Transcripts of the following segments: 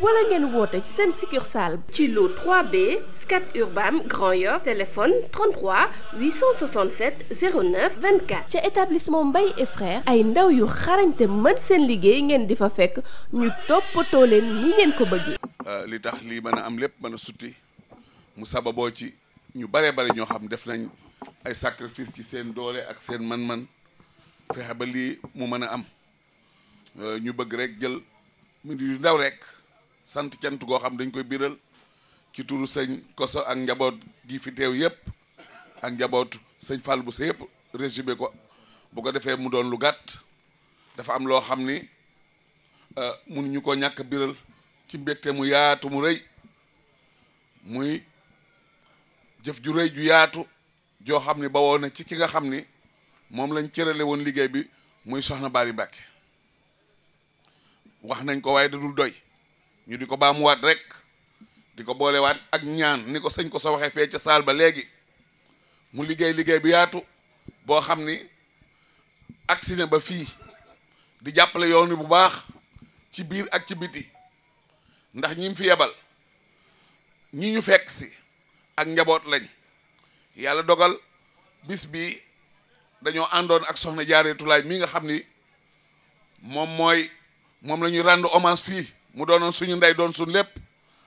wala ngeen woote ci seen succursale ci lu 3B Scat Urbam Grand Yoff téléphone 33 867 09 24 ca établissement Mbaye et frères ay ndaw yu xarañte mën seen liggéey ngeen di fa fekk ñu toppatoo leen ni ngeen ko bëggee euh, li tax li mën a am lépp mën a sutti mu sababoo ci ñu baree bari ñoo xam def nañ ay sacrifice ci seen doole ak seen man-man fexe ba lii mu mën a am euh, ñu bëgg rek jël mu di ndaw rek sant cant goo xam dañ koy biral ci turu sëñ Koso ak njaboot gi fi teew yëpp ak njabootu sëñ Fall bu sa yëpp résumé ko bu ko defee mu doon lu gàtt dafa am loo xam ni euh, mënuñu ko ñàkk biral ci mbégte mu yaatu mu rëy muy jëf ju rëy ju yaatu joo xam ni ba woon ci ki nga xam ni moom lañ cërale woon liggéey bi muy soxna Bali Mbàkke wax nañ ko waaye da doy ñu di ko baamuwaat rek di ko boolewaat ak ñaan ni ko sëñ ko sa waxee fee ca saal ba léegi mu liggéey liggéey bu yaatu boo xam ni agsi na ba fii di jàppale yoon wi bu baax ci biir ak ci biti ndax ñi fi yebal ñi ñu fekk si ak njaboot lañ yàlla dogal bis bi dañoo àndoon ak soxna jaaree tulaay mii nga xam ni moom mooy moom lañuy rend rendre fii mu doonoon suñu ndey doon suñ lépp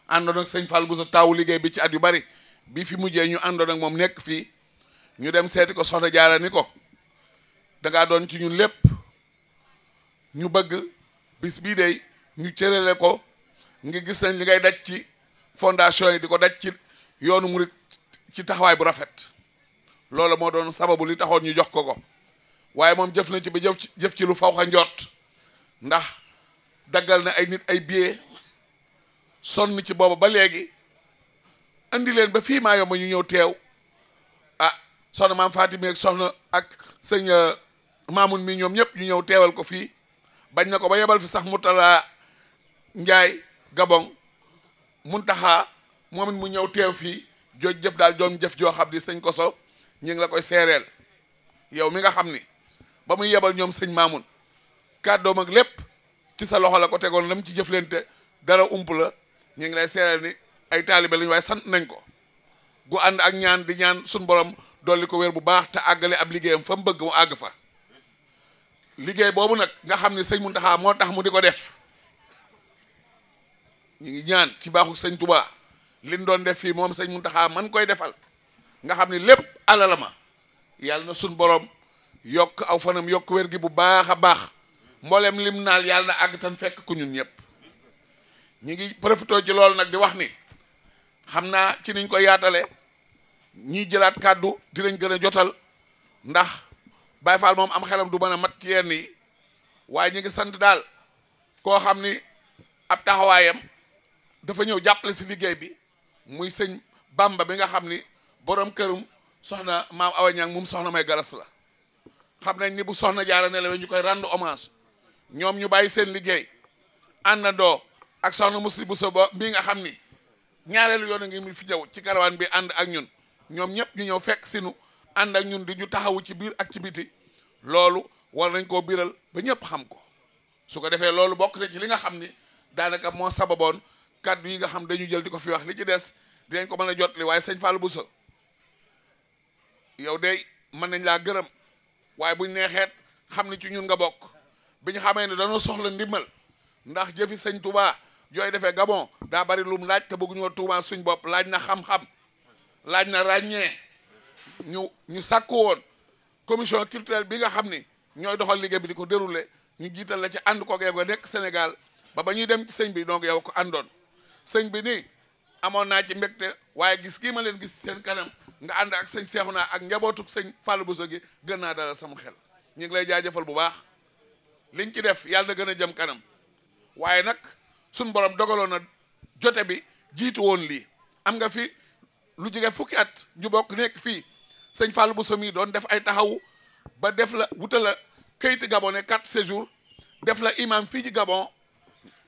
àndoon ak sëñ fal bu sa taawu liggéey bi ci at yu bari bii fi mujjee ñu àndoon ak moom nekk fii ñu dem seeti ko soxna jaara ni ko dangaa doon ci ñun lépp ñu bëgg bis bii de ñu cërale ko ngi gis nañ li ngay daj ci fondation yi di ko daj ci yoonu murit ci taxawaay bu rafet loolu moo doon sababu li taxoon ñu jox ko ko waaye moom jëf na ci ba jëf jëf ci lu faw xa njoot ndax daggal na ay nit ay billet sonn ci booba ba léegi indi leen ba fii maa yomb ñu ñëw teew a ah, soxna maam Fatim ak soxna ak sëñ euh, Maamun mi ñoom ñëpp ñu ñëw teewal ko fii bañ na ko ba yebal fi sax mu talaa Njaay Gabon Muntaxa moom it mu ñëw teew fii jooj jëf daal joom jëf joo xam ni sëñ so ñu ngi la koy seereel yow mi nga xam ni ba muy yebal ñoom sëñ Maamun kàddoom ak lépp sa loxo la ko tegoon lam ci jëflante dara ump la ñu ngi lay seeral ni ay taalibe lañu waaye sant nañ ko gu ànd ak ñaan di ñaan suñ borom dolli ko wér bu baax te àggale ab liggéeyam fa mu bëgg mu àgg fa liggéey boobu nag nga xam ne sëñ Muntaxa moo tax mu di ko def ñu ñaan ci baaxu sëñ Touba liñ doon def fii moom sëñ Muntaxa man koy defal nga xam ne lépp alal ma yàlla na suñ borom yokk aw fanam yokk wér gi bu baax a baax mboolem lim naal yàlla na àgg tan fekk ku ñun ñëpp ñu ngi profité ci lool nag di wax ni xam naa ci niñ ko yaatale ñiy jëlaat kàddu dinañ gën a jotal ndax Baye Fall moom am xelam du mën a mat ci yenn yi waaye ñu ngi sant daal koo xam ni ab taxawaayam dafa ñëw jàppale si liggéey bi muy sëñ bàmba bi nga xam ni boroom kërum soxna maam Awa Ñang moom soxna may galas la xam nañ ni bu soxna jaara ne la ñu koy rend hommage ñoom ñu bàyyi seen liggéey doo ak soxna Musli Bousso ba bii nga xam ni ñaareelu yoon a ngi fi ñëw ci garawaan bi ànd ak ñun ñoom ñëpp ñu ñëw fekk si nu ànd ak ñun di ñu taxawu ci biir ak ci biti loolu war nañ koo biral ba ñëpp xam ko su ko defee loolu bokk nañ ci li nga xam ni daanaka moo sababoon kàddu yi nga xam dañu jël di ko fi wax li ci des dañ ko mën a jot li waaye sëñ bu sa yow de mën nañ laa gërëm waaye buñ neexeet xam ni ci ñun nga bokk bi ñu xamee ne dañoo soxla ndimbal ndax jëfi sëñ Touba yooyu defee Gabon daa bari lum laaj te bëgguñoo Touba suñ bopp laaj na xam-xam laaj na ràññee ñu ñu sàkku woon commission culturelle bi nga xam ni ñooy doxal liggéey bi di ko déroulé ñu jiital la ci ànd ko geeg nekk Sénégal ba ba ñuy dem ci sëñ bi donc yow ko àndoon sëñ bi nii amoon naa ci mbégte waaye gis kii ma leen gis seen kanam nga ànd ak sëñ naa ak njabootuk sëñ Fallou bu gi gën naa dara sama xel ñu ngi lay jaajëfal bu baax. liñ ci def yàlla na gën a jëm kanam waaye nag suñ borom dogaloon na jote bi jiitu woon lii am nga fi lu jege fukki at ñu bokk nekk fii sëñ Fall bu somi doon def ay taxawu ba def la wuta la këyiti gabon quatre séjours def la imam fii ci gabon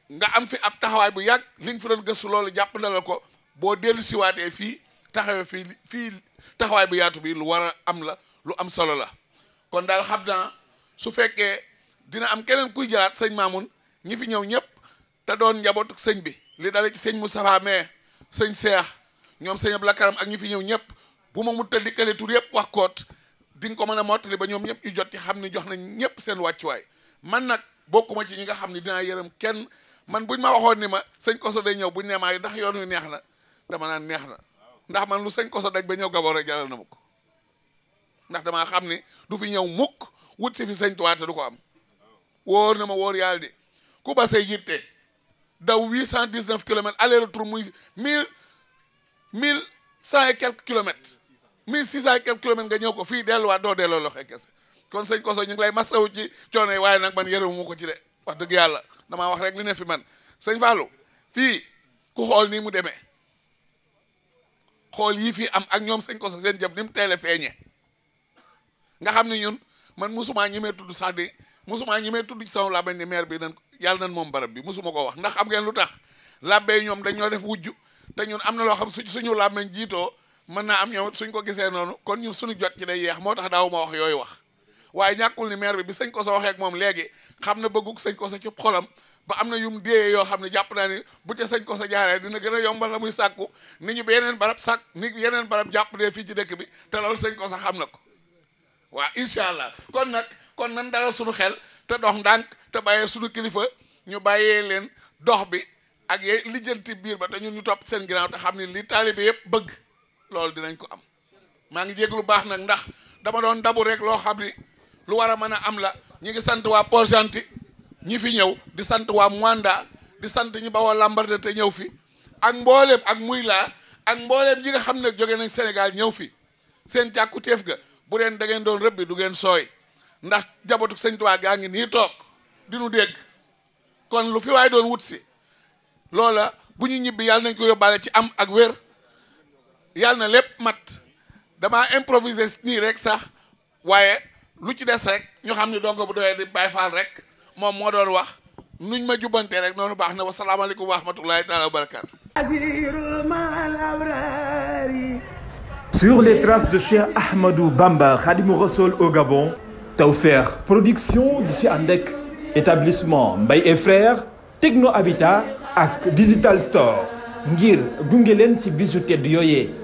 nga am fi ab taxawaay bu yàgg li nga fi doon gëstu loolu jàpp na la ko boo dellu siwaatee fii taxawee fii fii taxawaay bu yaatu bi lu war a am la lu am solo la kon daal xam naa su fekkee dina am keneen kuy jëlaat sëñ Mamoun ñi fi ñëw ñëpp te doon njabootu sëñ bi li dale ci sëñ Moustapha mais sëñ Seex ñoom sëñ Abdou Karam ak ñi fi ñëw ñëpp bu ma mut di kale tur yëpp wax koot di ko mën a mottali ba ñoom ñëpp ñu jot ci xam ni jox nañ ñëpp seen wàccuwaay man nag bokkuma ci ñi nga xam ni dinaa yërëm kenn man buñ ma waxoon ni ma sëñ Koso day ñëw buñ nee maa ndax yoon wi neex na dama naan neex na ndax man lu sëñ Koso daj ba ñëw Gabon rek jaral na ma ko ndax damaa ne du fi ñëw mukk wut si fi sëñ Tuubaa ko am wóor na ma wóor yàlla de ku ba say yitte daw huit cent dix neuf kilomètres aller retour muy mille mille cent et quelques kilomètres mille six cent et quelques kilomètres nga ñëw ko fii delluwaat doo delloo loxo kese kon sëñ Koso ñu ngi lay masawu ci coono yi waaye nag man yërëmu mu ko ci de wax dëgg yàlla damaa wax rek li ne fi man sëñ Fallou fii ku xool nii mu demee xool yii fii am ak ñoom sëñ Koso seen jëf ni mu teel a nga xam ne ñun man musuma ñi mee tudd mosuma ñi may tudd ci sama labbe ni maire bi nan yàlla nan moom barab bi mosuma ko wax ndax xam ngeen lu tax labbe ñoom dañ ñoo def wujj te ñun am na loo xam suñ suñu labbe jiitoo mën naa am ñoom suñ ko gisee noonu kon ñu suñu jot ci day yeex moo tax daaw ma wax yooyu wax waaye ñàkkul ni bi bi sëñ ko sa waxee moom léegi xam na bëggug sëñ ko sa ci xolam ba am na yum déeyee yoo xam ne jàpp naa ni bu ca sëñ ko sa jaaree dina gën a yombal la muy sàkku ni ñu yeneen barab sàkk ni yeneen barab jàpp dee fii ci dëkk bi te loolu sëñ ko sa xam na ko waa incha allah kon nag kon nan dara suñu xel te dox ndànk te bàyyee suñu kilifa ñu bàyyee leen dox bi ak ye lijjanti biir ba te ñu topp seen ginnaaw te xam ne li taalibe yëpp bëgg loolu dinañ ko am maa ngi jéglu baax nag ndax dama doon dabu rek loo xam ni lu war a mën a am la ñu ngi sant waa port ñi fi ñëw di sant waa Moanda di sant ñi bawoo Lambaréné te ñëw fi ak mbooleem ak muy laa ak mbooleem ñi nga xam ne jóge nañ Sénégal ñëw fi seen teef ga bu leen da ngeen doon rëbbi du ngeen sooy ndax jabotuk sëñ gaa ngi nii toog di nu dégg kon lu fi waaye doon wut si loola bu ñu ñibbi yàlla nañ ko yóbbaale ci am ak wér yàlla na lépp mat damaa improviser nii rek sax waaye lu ci des rek ñu xam ne dongo bu doyee di Baay Faal rek moom moo doon wax nuñ ma jubbante rek noonu baax na wa salaamaaleykum wa rahmatullahi taala wa barakaatu Sur les traces de Cheikh Ahmadou Bamba, Tawfekh production di si ànd ak établissement mbay et frères Techno Habitat ak Digital Store ngir gunge leen ci bisu tedd yooyee